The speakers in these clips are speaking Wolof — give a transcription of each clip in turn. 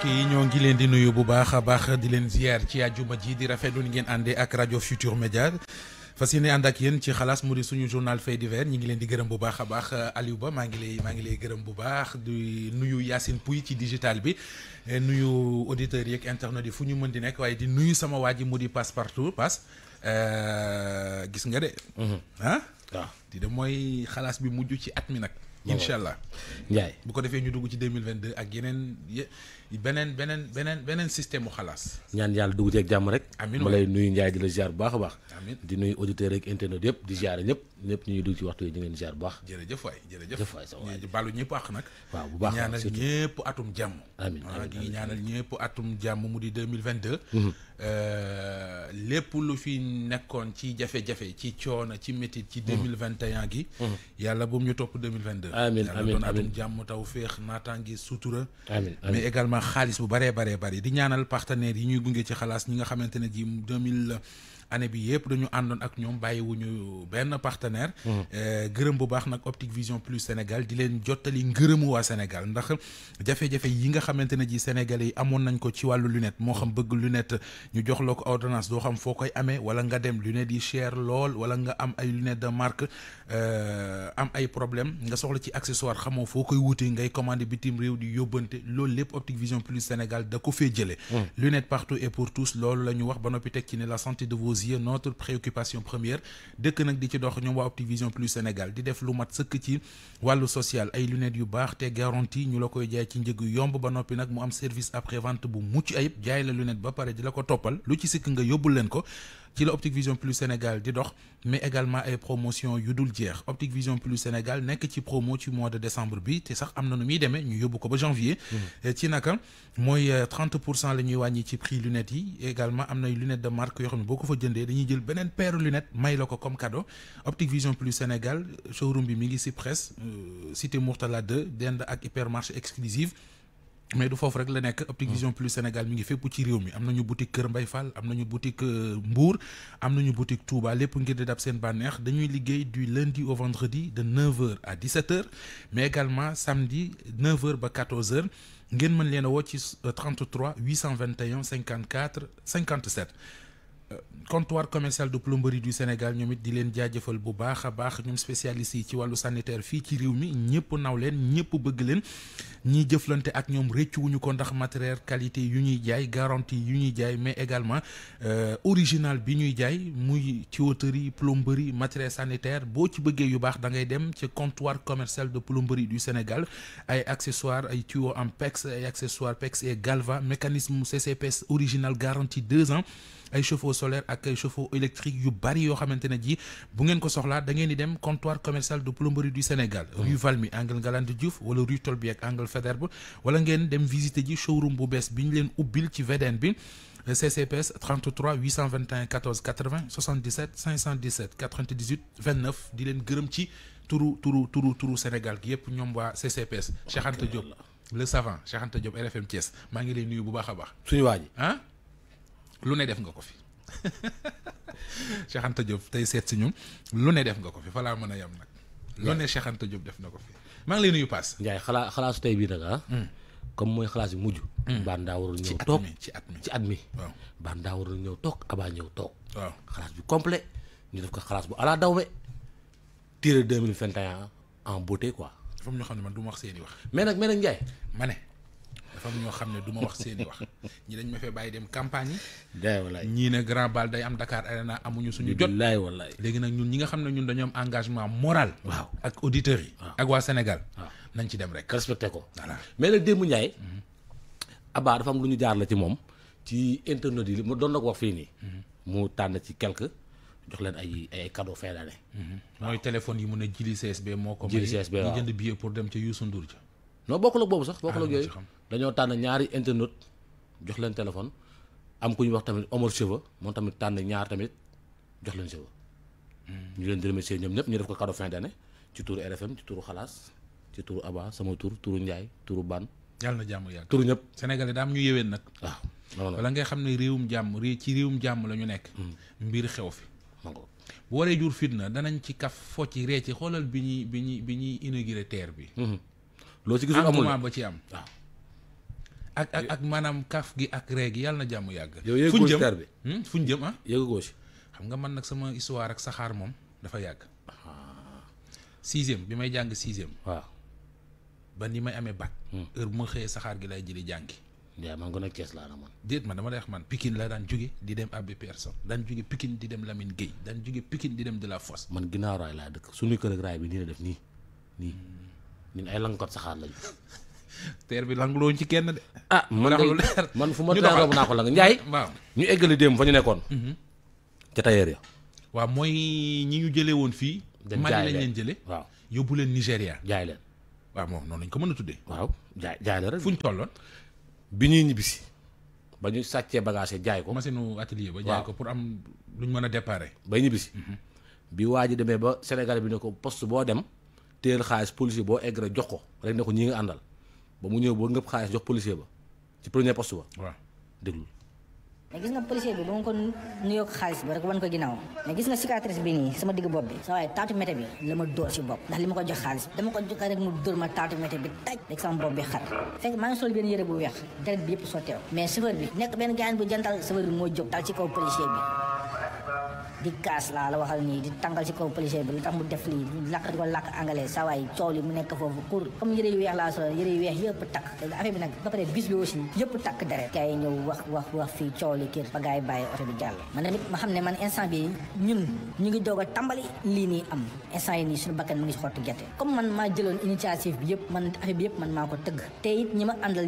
mbokk ñoo ngi leen di nuyu bu baax a baax di leen ziar ci àjjuma ji di rafetlu ni ngeen àndee ak rajo Futur Média fas yéene ànd ak yéen ci xalaas mu di suñu journal fait divers ñi ngi leen di gërëm bu baax a baax Aliou Ba maa ngi lay maa ngi lay gërëm bu baax di nuyu Yacine Pouy ci digital bi eh, nuyu auditeurs yeeg internet yi fu ñu mën di nekk waaye di nuyu sama waa mu di passe partout euh, passe gis nga de. Mhm. ah waaw di de mooy xalaas bi mujj ci at mi nag. incha allah. Ndiaye bu ko defee ñu dugg ci 2022 ak yeneen beneen beneen beneen beneen système mu xalaas. ñaan yàlla dugg ak jàmm rek. amiin ma lay nuyu Ndiaye di la bu baax a baax. amiin di nuyu auditeurs ak internet yëpp di ziar ñëpp ñëpp ñu ngi dugg ci waxtu yi ñu ngi leen ziar bu baax. jërëjëf waay jërëjëf waay sa waay ñu baalu ñëpp àq nag. waaw bu baax ñaanal ñëpp atum jàmm. amiin jàmm mu di deux mille vingt mhm. euh, lépp lu fi nekkoon ci jafe-jafe ci coono ci métit ci mhm. deux mille vingt et un mhm. yàlla bu ñu topp deux mille vingt deux. amiin amiin yàlla doon atum jàmm taw féex naataangi sutura. également xaalis bu baree baree bari di ñaanal partenaires yi ñuy gunge ci xalaas ñi nga xamante ne ji la année bi yëpp dañu àndoon ak ñoom bàyyi wu ñu benn partenaire. Euh, gërëm bu baax nag Optique Vision Plus Sénégal di leen jottali ngërëmu waa Sénégal ndax jafe-jafe yi nga xamante ne ji Sénégalais yi amoon nañ ko ci wàllu lunette moo xam bëgg lunette ñu jox la ko ordonnance doo xam foo koy amee wala nga dem lunette yi cher lool wala nga am ay lunette de marque euh, am ay problème nga soxla ci accessoire xamoo foo koy wute ngay commandé bitim réew di yóbbante loolu lépp Optique Plus Sénégal da ko fee jëlee. lunette ci ne aux yeux notre préoccupation première dëkk nag di ci dox ñoom waa Optivision Plus Sénégal di def lu mat sëkk ci wàllu social ay lunettes yu baax te garantie ñu la koy jaay ci njëg yomb ba noppi nag mu am service après vente bu mucc ayib jaay la lunette ba pare di la ko toppal lu ci sikk nga yóbbu leen ko ci la Optic Vision Plus Sénégal di dox mais également ay promotion yu dul jeex Optic Vision Plus Sénégal nekk ci promo ci mois de décembre bi te sax am na nu muy deme ñu yóbbu ko ba janvier. Hmm. Eh, ci naka mooy 30 euh, pour cent la ñuy wàññi ci prix lunettes yi également am na lunettes de marque yoo xam ne boo ko fa jëndee dañuy jël beneen paire lunettes may la ko comme cadeau Optic Vision Plus Sénégal showroom bi mi ngi ci presse euh, cité Mourtala 2 dend ak hypermarché exclusive mais du foofu rek la nekk Optic hmm. Vision Plus Sénégal mi ngi fépp ci réew mi am nañu boutique Kër Mbay Fall am nañu boutique euh, Mbour am nañu boutique Touba lépp ngir di dab seen bànneex dañuy liggéey du lundi au vendredi de 9h à 17h mais également samedi 9h ba 14h ngeen mën leen a woo ci 33 821 54 57. comptoir commercial de plomberie du Sénégal ñoom it di leen jaajëfal bu baax a baax ñoom spécialiste yi ci wàllu sanitaire fii ci réew mi ñëpp nawleen leen ñëpp bëgg leen ñiy jëflante ak ñoom rëccuwuñu ko ndax matériel qualité yu ñuy jaay garantie yu ñuy jaay mais également euh, original bi ñuy jaay muy tuyauterie plomberie matériel sanitaire boo ci bëggee yu baax dangay dem ci comptoir commercial de plomberie du Sénégal ay accessoires ay tuyaux en PEX ay accessoires PEX et Galva mécanisme CCPS original garantie deux ans. ay chauffe-eau solaire ak ay chauffe électrique yu bari yoo xamante ne ji bu ngeen ko soxlaa dangeen ngeen di dem comptoir commercial de plomberie du Sénégal rue Valmy angle Ngalandou Diouf wala rue Tolbiac angle Faidherbe wala ngeen dem visiter ji showroom bu bees bi ñu leen ubbil ci VDN bi CCPS 33 821 14 80 77 517 98 29 di leen gërëm ci turu turu turu turu Sénégal gi yëpp ñoom waa CCPS Cheikh Anta Diop le savant Cheikh Anta RFM Thiès maa ngi leen nuyu bu baax a baax suñu waa ji ah lu ne def nga ko fi Cheikh Anta tey seet si ñun lu ne def nga ko fi fa mën a yem nag. lu ne Cheikh Anta def na ko fi maa ngi lay nuyu Paas. Ndiaye xalaa xalaasu tey bii nag ah. Hmm. comme mooy xalaas yu mujj. Hmm. baan daa waroon ñëw toog ci at mi ci at ñëw toog abaa ñëw toog. waaw xalaas bu complet ñu def ko xalaas bu ala dawbe. tiré deux mille vingt et un en beauté quoi. dafa am ñoo xam ne man du ma wax seen wax. mais nag mais nag Ndiaye. ma ne. dafa am ñoo xam ne du ma wax seeni wax ñi dañ ma bàyyi dem campagne yi. ñii ne grand bal day am Dakar Arena amuñu suñu jot. wallaay wallaay léegi nag ñun ñi nga xam ne ñun dañoom engagement moral. waaw ak auditeurs yi. ak waa Sénégal. nañ ci dem rek. respecté ko. voilà mais nag démb Ndiaye. Mhm. Abba dafa am lu ñu jaar la ci moom. ci internet yi mu doon na ko wax fii nii. Mhm. mu tànn ci quelque. jox leen ay ay cadeau fin d'année. Mhm. mooy téléphone yi mu a jili CSB moo ko. jili CSB waaw ñu jënd billet pour dem ca Youssou Ndour ja. boobu sax bokkul ak ah, yooyu. dañoo tànn ñaari internet jox leen téléphone am ku ñu wax tamit Omar Cheva moom tamit tànn ñaar tamit jox leen Cheva. ñu leen di remercier ñoom ñëpp ñu def ko cadeau fin d'année ci turu RFM ci turu Xalaas ci turu Aba sama tur turu Ndiaye turu Ban. yàlla na jàmm yàgg turu ñëpp. Sénégalais daam ñu yéwén nag. waaw wala ngay xam ne réewum jàmm réew ci réewum jàmm la ñu nekk. Hmm. mbir xew fi. bu waree jur fitna danañ ci kaf fo ci ree ci xoolal bi ñuy bi ñuy bi ñuy inauguré terre bi. Hmm. loo ci gisul amul ba ci am waaw. ak ak ak maanaam kaaf gi ak ree gi yàlla na jàmm yàgg. yow fuñ jëm hmm? fuñ jëm ah. yëgagoo si. xam nga man nag sama histoire ak saxaar moom dafa yàgg. sixième bi may jàng sixième. waaw ba ni may amee bac. Hmm. heure bu ma xëyee saxaar gi lay jëli jàngi. yaa man gën a kees laa na man déet man dama lay man Pikine la daan jóge di dem Abbé Pierson daan jóge Pikine di dem lamin Gueye daan jóge Pikine di dem de la Fosse man ginnaaw laa dëkk suñuy kër ak raay bi nii la def nii nii hmm. ñun ay lankoot saxaar teer bi languloo ci kenn de. ah man de man fu ma teer roobu naa ko lang Ndiaye. waaw ñu eggali démb fa ñu nekkoon. Mhm. ca tailleur ya. waaw mooy ñi ñu jëlee woon fii. dem jaay leen jële waaw yóbbu leen Nigéria. jaay leen. waaw moom noonu lañ ko mën a tuddee. waaw jaay jaay la rek. fu ñu tolloon. bi ñuy ñibbisi. ba ñu sàccee bagage jaay ko. machine atelier ba jaay ko pour am lu ñu mën a déparé. bay ñibbisi. Mhm. bi waa ji demee ba Sénégal bi ne ko poste boo dem. teel xaalis policier boo egg rek ko rek ne ko ñi nga àndal ba mu ñëw ba ngëpp xaalis jox policier ba ci premier poste ba. waaw déglu. mais gis nga policier ba mu ko nuyoo xaalis ba rek wan ko ginnaaw mais gis nga cicatrice bi nii sama digg bopp bi sa waaye taatu mété bi la ma dóor si bopp ndax li ma ko jox xaalis bi dama ko jox rek mu dóor ma taatu mété bi taj rek sama bopp bi xat fekk maa ngi sol benn yére bu weex deret bi yëpp sotteew mais chauffeur bi nekk benn gaan bu jantal chauffeur bi moo jóg dal ci kaw policier bi di kaas laa la waxal nii di tàngal si kaw policier bi lu tax mu def lii lakk di ko lakk anglais saa coow li mu nekk foofu kur comme yëre yu weex laa solo yëre yu weex yëpp takk affaire bi nag ba pare bis bi aussi yëpp takk deret ñëw wax wax wax fii coow li kër ba gars bàyyi oto bi jàll man tamit ma xam ne man instant bi ñun ñu ngi doog a tàmbali lii nii am instant yi nii suñu bakkan mu ngi si xottu gerte comme man maa jëloon initiative bi yëpp man affaire bi yëpp maa ko tëgg te it ñi ma àndal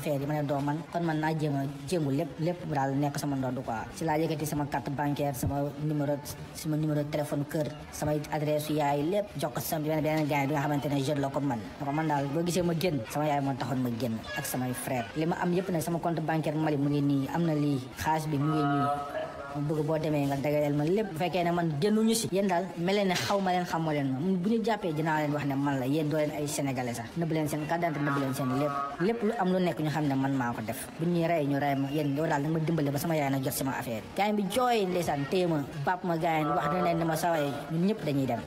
a affaire yi ma ne doo man kon man naa jéem a jéngu lépp lépp daal nekk sama ndodd quoi ci laa yëkkati sama carte bancaire sama numéro sama kër samay adresse yaay lépp jox sama benn benn gars bi nga ne jeune la man na ko man daal boo gisee ma génn sama yaay moo taxoon ma génn ak samay frère li ma am yëpp nag sama compte bancaire Mali mu ngi nii am na lii xaalis bi mu ngi nii bëgg boo demee nga dagaleel ma lépp bu fekkee ne man génnuñu si yéen daal mel xaw ma leen xaw ma leen ma bu ñu jàppee dinaa leen wax ne man la yéen doo leen ay sénégalais sax nëbb leen seen kàddante nëbb leen seen lépp lu am lu nekk ñu xam ne man maa ko def bu ñuy rey ñu rey ma yéen yow daal da ma dimbale ba sama yaay na jot sama affaire gaañ bi jooy ndeysaan téye ma bapp ma gaañ wax na leen ne ma sawaye ñun ñëpp dañuy dem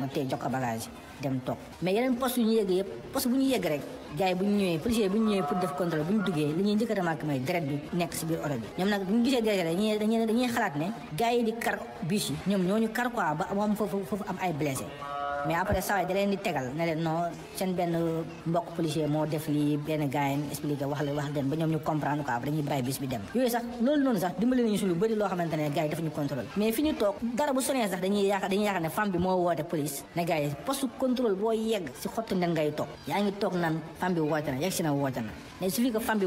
dañuy dem toog mais yegg gars yi bu ñu ñëwee policier bu ñu ñëwee pour def contrôle bu ñu duggee li ñuy njëkk a remarqué mooy deret bi nekk si biir oto bi ñoom nag bu ñu gisee deret dañuy dañuy xalaat ne gars yi di kar bus yi ñoom ñooñu kar quoi ba am ay blessé mais après saa waay da leen di tegal ne leen non seen benn mbokk policier moo def lii benn gars yi expliqué wax la wax leen ba ñoom ñu comprendre quoi après dañuy bàyyi bis bi dem yooyu sax loolu noonu sax dimbali nañu suñu bëri loo xamante ne gars ñu contrôle mais fi ñu toog dara bu sonee sax dañuy yaakaar ne femme bi moo woote police ne gars yi poste boo yegg si xottu nen ngay toog yaa ngi toog naan femme bi woote na yegg si na woote na mais suffit que femme bi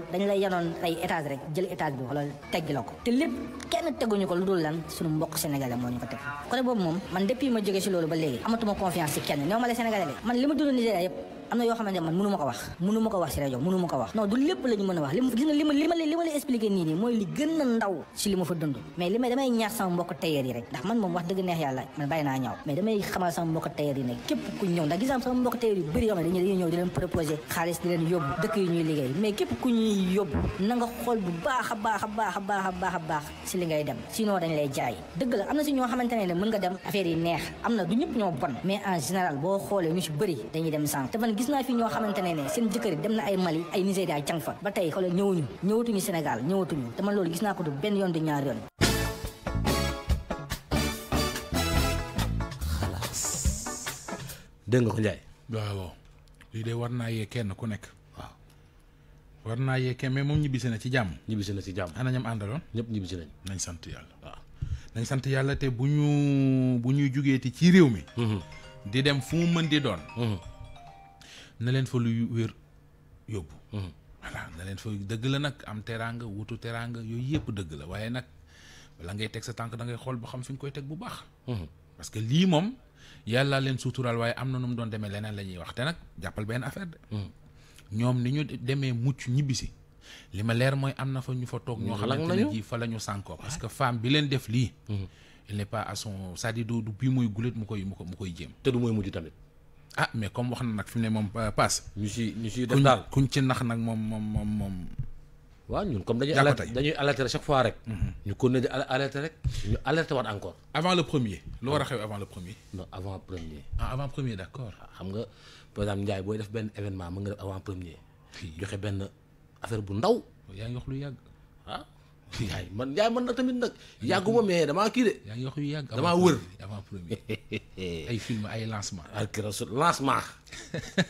yow dañ lay yanoon ay étage rek jël étage bi wala teggi la te lépp kenn teguñu ko lu dul lan suñu mbokk sénégalais moo ñu ko teg côté boobu moom man depuis ma jógee si loolu ba léegi amatuma confiance si kenn néew ma la sénégalais man li ma dund Nigéria yëpp am na yoo xamante ne man mënu ma ko wax mënu ma ko wax si rajo mënu ma ko wax non du lépp la ñu a wax li ma li ma li nii nii mooy li gën a ndaw si li ma fa dund man moom wax dëgg neex yàlla a a a baax a baax a baax la du ñëpp ñoo bon mais en général boo xoolee ñu si bëri dañuy dem sànq gis naa fi ñoo xamante ne ne seen jëkkër dem na ay Mali ay Nigéria jàng fa ba tey xoolal ñëwuñu ñëwatuñu Sénégal ñëwatuñu te man loolu gis naa ko du benn yoon ñaar yoon xalaas dégg ko Ndiaye waaw lii de war naa yee kenn ku nekk waaw war naa yee kenn mais moom ñibbisi na ci jàmm ñibbisi na ci jàmm ana ñam àndaloon ñëpp ñibbisi nañ nañ sant yàlla waaw nañ sant yàlla te bu ñu bu ñuy jugeeti ci réew mi mhm. di dem fu mën di doon mhm. na leen fa luy wér yóbbu mm-hmm. voilà na leen fa dëgg la nag am teraanga wutu teraanga yooyu yëpp dëgg la waaye nag bala ngay teg sa tànk da ngay xool ba xam fi nga koy teg bu baax mm-hmm. parce que lii moom yàlla leen suturaal waaye am na nu mu doon demee leneen la ñuy wax te nag jàppal benn affaire de mm-hmm. ñoom ni ñu demee mucc ñibbisi li ma leer mooy am na fa ñu fa toog ñoo xamante ne ji fa la ñu sànkoo parce que femme bi leen def lii il n'est pas à son c'est-à-dire du bii mooy gulet mu koy mu ko mu koy jéem te du mooy ah mais comme wax na nag fi mu ne moom euh, paas. ñu si ñu si def daal kuñ ci nax nag moom moom moom moom. waaw ñun comme dañuy alerte dañuy alerté chaque fois rek. Mhm. ñu ko di alerté rek ñu alerté waat encore. avant le premier. lu war a xew avant le premier. non avant premier. ah avant premier d' accord. Ah, xam nga par exemple Ndiaye booy def benn événement mën nga def avant premier. joxe benn affaire bu ndaw. yaa ngi wax lu yàgg. ah Ndiaye man Ndiaye man nag tamit nag. yàgguma mais damaa kii de. yaa ngi damaa wër. Eh. ay film ay lancement. ak ah, lancement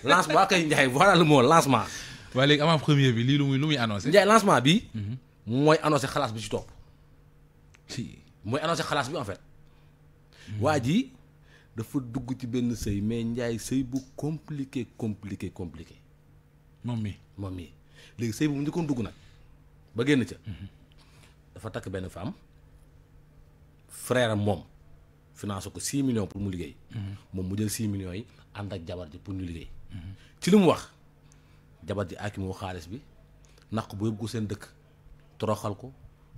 lancement kay Ndiaye voilà le mot lancement. waaye léegi avant première bi lii lu muy lu muy lancement bi. Mhm. mooy annoncé xalaas bi ci topp. si mooy annoncé xalaas bi en fait. Mhm. waa ji dafa dugg ci benn sëy mais Ndiaye sëy bu compliqué compliqué compliqué. moom mi moom mi léegi sëy bu mu njëkkoon dugg nag ba génn ca. Mhm. dafa takk benn femme frère am moom. financé ko 6 millions pour mu liggéey. Mhm. moom mu jël 6 millions yi ànd ak jabar ji pour ñu liggéey. Mhm. ci li mu wax jabar ji ak moo xaalis bi nax ko bu yóbbu ko seen dëkk toroxal ko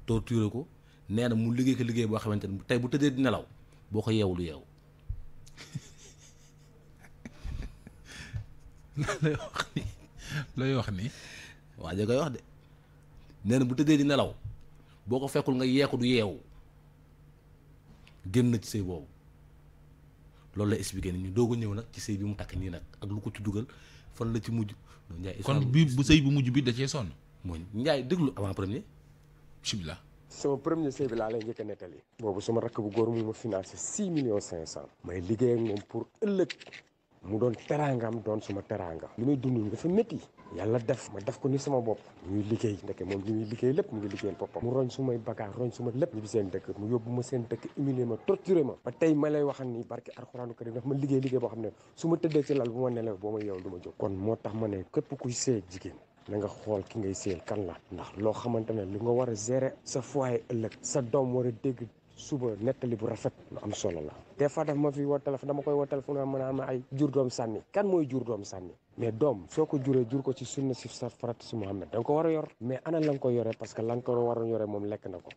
torturé ko nee na mu liggéey ko liggéey boo xamante ne tey bu tëddee di nelaw boo ko yeewul yeewu. looy wax waa ja koy wax de nee na bu tëddee di nelaw boo ko fekkul nga yeeku du yeewu. génn na ci sëy boobu loolu la expliqué ni ñu doog a ñëw nag ci sëy bi mu takk nii nag ak lu ko ci dugal fan la ci mujj. Ndiaye kon bi bu sëy bu mujj bi da cee sonn. mooy Ndiaye déglu avant premier. bisimilah. sama premier sëy bi laa lay njëkk a nettali. boobu sama rakk bu góor mu ma financé six millions cinq cent. may liggéey ak moom pour ëllëg. mu doon teraangaam doon suma teraanga li may dund dafa métti yàlla def ma def ko ni sama bopp ñuy liggéey ndeke moom li muy liggéey lépp mu ngi liggéeyal boppam mu roñ sumay bagaar roñ suma lépp ñibbi seen dëkk mu yóbbu ma seen dëkk humilier ma torturé ma ba tey ma lay waxan ni barke alxuraanu karim daf ma liggéey liggéey boo xam ne su ma tëddee ci lal bu ma nelew boo ma yeew du ma jóg kon moo tax ma ne képp kuy seeg jigéen na xool ki ngay seel kan la ndax loo xamante ne li nga war a gérer sa foyer ëllëg sa doom war dégg suba nettali bu rafet lu am solo la des fois daf ma fi woo téléphone dama koy woo téléphone ma mën a am ay jur doom sànni kan mooy jur doom sànni mais doom soo ko juree jur ko ci sunna si sa farat si Muhammad da ko war a yor mais ana la nga ko yoree parce que la nga ko a yoree moom lekk na ko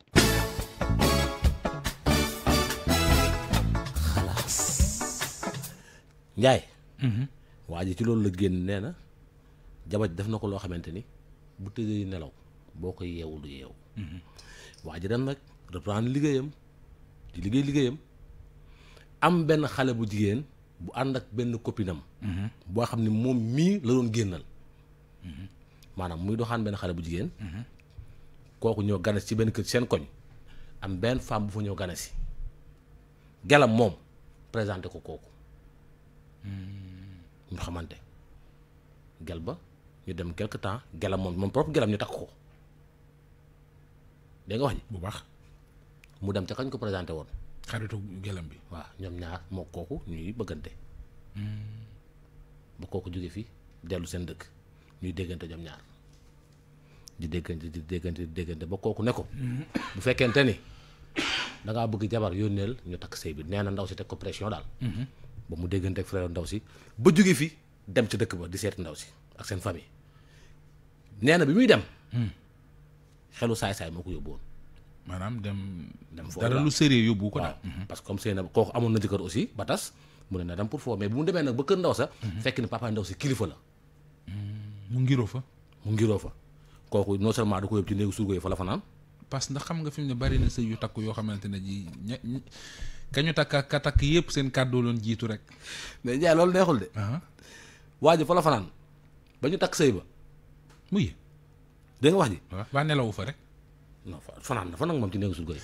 xalaas mhm. waa ji ci loolu la génn nee na jabar def na ko loo xamante ni bu tëddee nelaw boo ko yeewul du yeewu mhm. waa ji dem nag reprendre liggéeyam di liggéey liggéeyam am benn xale bu jigéen bu ànd ak benn copinam mhm. boo xam ne moom mii la doon génnal mhm. maanaam muy doxaan benn xale bu jigéen mhm. kooku ñëw ganes ci benn kër seen koñ am benn femme bu fa ñëw ganes si gelam moom présenté ko kooku ñu xamante gel ba ñu dem quelque temps gelam moom moom propre gelam ñu takk ko dégg nga wax ji bu baax mu dem ca kañ ko présenté woon. xaritu gelam bi. waaw ñoom ñaar moo kooku ñuy bëggante. Hmm. ba kooku jóge fi dellu seen dëkk ñuy déggante ñoom ñaar di déggante di déggante di déggante ba kooku ne ko. Hmm. bu fekkente ni da ngaa bëgg jabar yónneel ñu takk sëy bi nee ndaw si teg ko pression daal. Hmm. ba mu déggante ak frère ndaw si ba jóge fi dem ci dëkk ba di seeti ndaw si ak seen famille nee na bi muy dem. xelu saay-saay moo ko yóbbu woon maanaam dem. dem foofu dara lu sérieux yóbbu ko daal. Mhm. parce que comme seen kooku amoon na jëkkër aussi ba tas mu ne na dem pour foofu mais bu mu demee nag ba kër ndaw sa. Mhm. fekk ne papa ndaw si kilifa la. Mm, mu ngiroo fa. mu ngiroo fa kooku non seulement da ko yóbbu ci néegu surgo yi fa la fanaan. parce que ndax xam nga fi mu ne bari na sëy yu takku yoo xamante ne ji ña kañu takk ka takk yëpp seen kàddu loon jiitu rek. mais Ndiaye loolu neexul de. waa ji fa la fanaan ba ñu takk sëy ba. wax ji. waaw waa nelawu fa rek. non fanaan fa nag moom ci néegu surga yi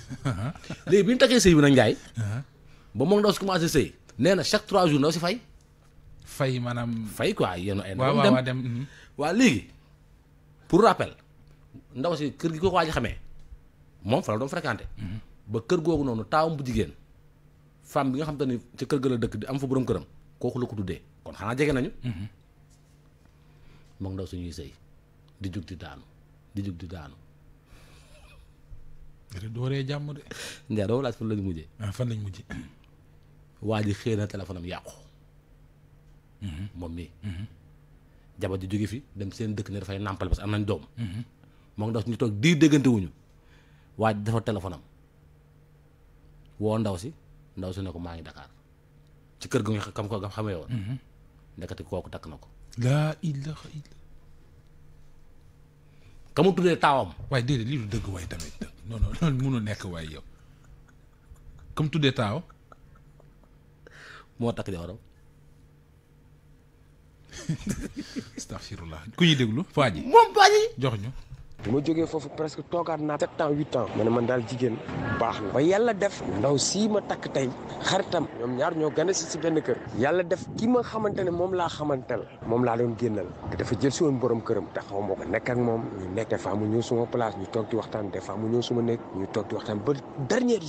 léegi bi ñu takkee sëy bi nag njaay uh-huh. ba moom ndaw si commencé sëy nee na chaque trois jours ndaw si fay fay maanaam fay quoi yéen ay waaw dem waaw uh-huh. léegi pour rappel kër gi ko waa fa la doon fréquenté uh-huh. ba kër googu noonu taawam bu jigéen femme bi nga xam te ni ca kër ga dëkk di am fa borom këram kooku la ko tuddee kon xanaa jege nañu moom ndaw suñuy sëy di jug di daanu di jug di daanu du waree jàmm de. Ndiaye doo laaj fan lañ ah, waa ji xëy na téléphone am yàqu. Mhm. moom mii. Mhm. jabar ji jóge fi dem seen dëkk ne dafay nàmpal parce que am nañ doom. Mhm. moo ngi ndaw si ñu toog diir déggante waa ji dafa téléphone woo ndaw si ndaw si ne ko maa ngi Dakar ci kër gi nga xam ko nga xamee woon. ndekete kooku takk na ko. laa ilaha illa. taawam. waaye déedéet lii du dëgg waaye tamit. non loolu mënul nekk waaye yow comme tuddee taaw moo takk jawaram astaghfirullah ku ñuy déglu ji moom faaji jox ñu. bu ma jógee foofu presque toogaat naa sept ans huit ans. ma ne man daal jigéen. baax la ba yàlla def ndaw sii ma takk tey xaritam ñoom ñaar ñoo gane si si benn kër yàlla def ki ma xamante ne moom laa xamante moom laa doon génnal dafa jël si woon borom këram te ma nekk ak moom ñu nekk des fois mu ñëw suma place ñu toog di waxtaan des fois mu ñëw suma nekk ñu toog di waxtaan ba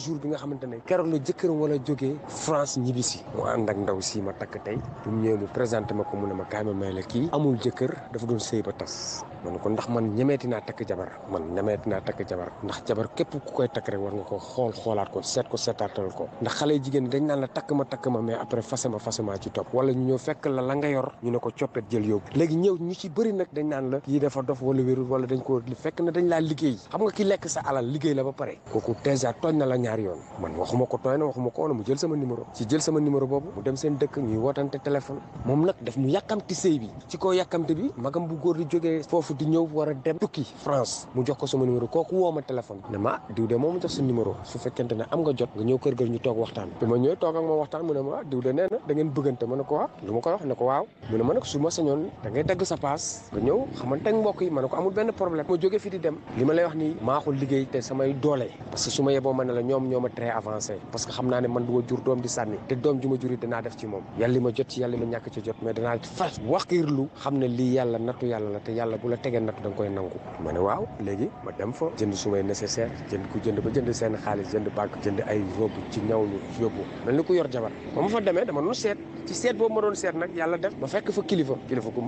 jour bi nga xamante ne keroog la jëkkëram wala jógee France ñibbi si mu ak ndaw sii ma takk tey bu mu ñëwee ma ko mu ma kaay ma may kii amul jëkkër dafa doon sëy ba tas man kon ndax man ñemeeti naa takk jabar man ñemeeti naa takk jabar ndax jabar képp ku koy takk rek war nga ko xool xoolaat ko seet ko seetaatal ko ndax xale jigéen dañ naan la takk ma takk ma mais après fasema fasema ci topp wala ñu ñëw fekk la la nga yor ñu ne ko coppet jël yóbbu léegi ñëw ñu ci bëri nag naan la kii dafa dof wala wérul wala dañ ko fekk na dañ laa liggéey xam nga ki lekk sa alal liggéey la ba pare kooku dèjà tooñ na la ñaari yoon man waxuma ko tooñ na waxuma ko woon mu jël sama numéro ci jël sama numéro boobu mu dem seen dëkk ñuy wootante téléphone moom nag daf mu yàkkamti sëy bi ci bi magam bu góor di jógee foofu di ñëw war a dem tukki France mu jox ko sama numéro kooku woo ma téléphone ne ma diw ko su fekkente ne am nga jot nga ñëw kër ga ñu toog waxtaan bi ma ñëwee toog ak moom waxtaan mu ne ma ah, diw de nee na da ngeen bëggante ma ne ko waaw ah, lu ma ko wax ne ko waaw mu ne ma nag su ma sañoon da ngay dagg sa paas nga ñëw xamante ak mbokk yi ma ne ko amul benn problème ma jógee fi di dem li ma lay wax nii maaxul liggéey te samay doole parce que su ma yeboo ma ne la ñoom ñoo ma très avancé parce que xam naa ne man du ma jur doom di sànni te doom ju ma jur it danaa def ci moom yàlla li ma jot ci yàlla li ma ñàkk ci jot mais danaa fas waxiirlu xam ne lii yàlla nattu yàlla la te yàlla bu la tegee nattu da nga koy nangu ma ne waaw léegi ma dem fa jënd su may nécessaire jënd ku jënd ba jënd seen xaalis jënd bàkk jënd ay robe ci ñaw ñu yóbbu mel ni ku yor jabar ba ma fa demee dama nu seet ci seet boobu ma doon seet nag yàlla def ma fekk fa kilifa kilifa ku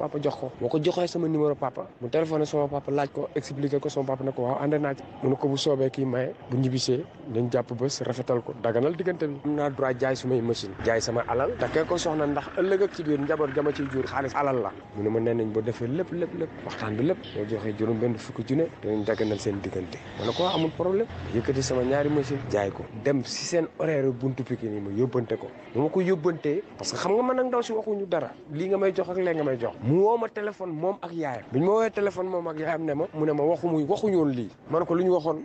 ah, moo ko joxee sama numéro papa mu téléphoné sama papa laaj ko expliqué ko sama papa ne ko waaw ànd naa ci mu ne ko bu soobee kii maye bu ñibbisee dañ jàpp bés rafetal ko daganal diggante bi am naa droit jaay sumay machine jaay sama alal takkee ko soxna ndax ëllëg ak ci biir njaboot gama ciy jur xaalis alal la mu ne ma nee nañ ba defee lépp lépp lépp waxtaan bi lépp boo joxee juróom benn fukki junne dinañ daganal seen diggante ma ko amul problème yëkkati sama ñaari machine jaay ko dem si seen horaire buntu piki ma yóbbante ko ma ko yóbbantee parce que xam nga man nag ndaw si waxuñu dara lii nga may jox ak lee nga may jox mu woo ma moom ak yaayam biñ ma woowee téléphone moom ak ma mu ne ma waxu muy waxuñoon lii man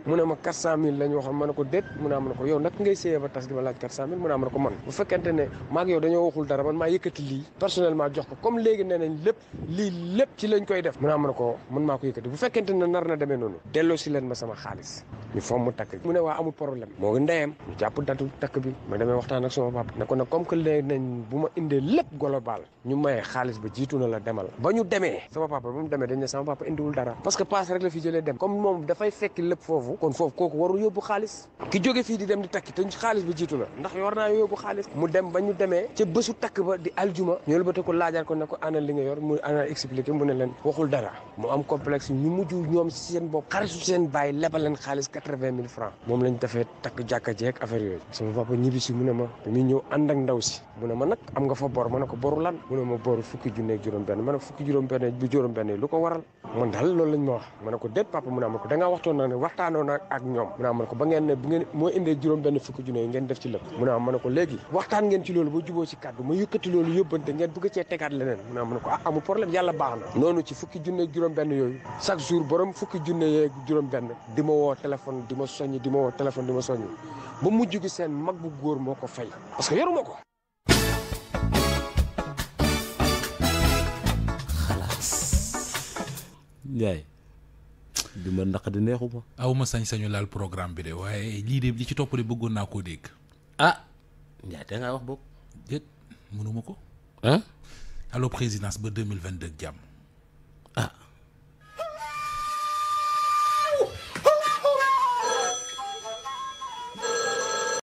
mu ne ma 400000 la ñu waxoon ma ne ko déet mu naa ma ne ko yow nag ngay séyee ba tas di ma laaj 400000 mu naa ma ne ko man bu fekkente ne maag yow dañoo waxul dara man maa yëkkati lii personnellement jox ko comme léegi nee nañ lépp lii lépp ci lañ koy def mu a ma ne ko man maa ko yëkkati bu fekkente ne nar na demee noonu delloo si leen ma sama xaalis il faut mu takk mu ne waa amul problème la demal ba demee sama papa ba mu demee dañ ne que passe rek la fi jëlee dem comme moom dafay fekk lépp foofu kon foofu kooku warul yóbbu xaalis ki jóge fii di dem di la ndax yor ko laajaat ko ne ko ana li nga yor mu ana expliqué mu waxul dara mu am complexe ñu mujj ñoom seen bopp xaritu seen bàyyi lebal xaalis kat quatre-vingt mille francs moom lañ defee takk jàkka jeeg affaire yooyu sama papa ñibbi si mu ne ma bi muy ñëw ànd ak ndaw si mu ne ma nag am nga fa bor ma ne ko boru lan mu ne ma boru fukki junne ak juróom-benn ma ne ko fukki juróom-benn bu juróom-benn yi lu ko waral man daal loolu lañ ma wax ma ne ko déet papa mu ne ma ko da ngaa waxtoon na ne waxtaanoo na ak ñoom mu ne ma ne ko ba ngeen ne bu ngeen moo indee juróom-benn fukki junne yi ngeen def ci lëpp mu ne ma ne ko léegi waxtaan ngeen ci loolu ba juboo ci kàddu ma yëkkati loolu yóbbante ngeen bëgg cee tegaat leneen mu ne ma ne ko ah amul problème yàlla baax na noonu ci fukki junne ak juróom-benn yooyu chaque jour borom fukki junne yeeg juróom-benn di ma woo téléphone téléphone di ma soññ di ma woo téléphone di ma soññ ba mujj gi seen mag bu góor moo ko fay parce que yoruma ko. Ndiaye bi ma ndax di neexu ma. aw ma sañ-sañu laal programme bi de waaye lii de li ci topp de bëggoon naa koo dégg. ah Ndiaye da ngaa wax boobu. mënuma ko. ah. présidence ba deux mille vingt deux jàmm ah.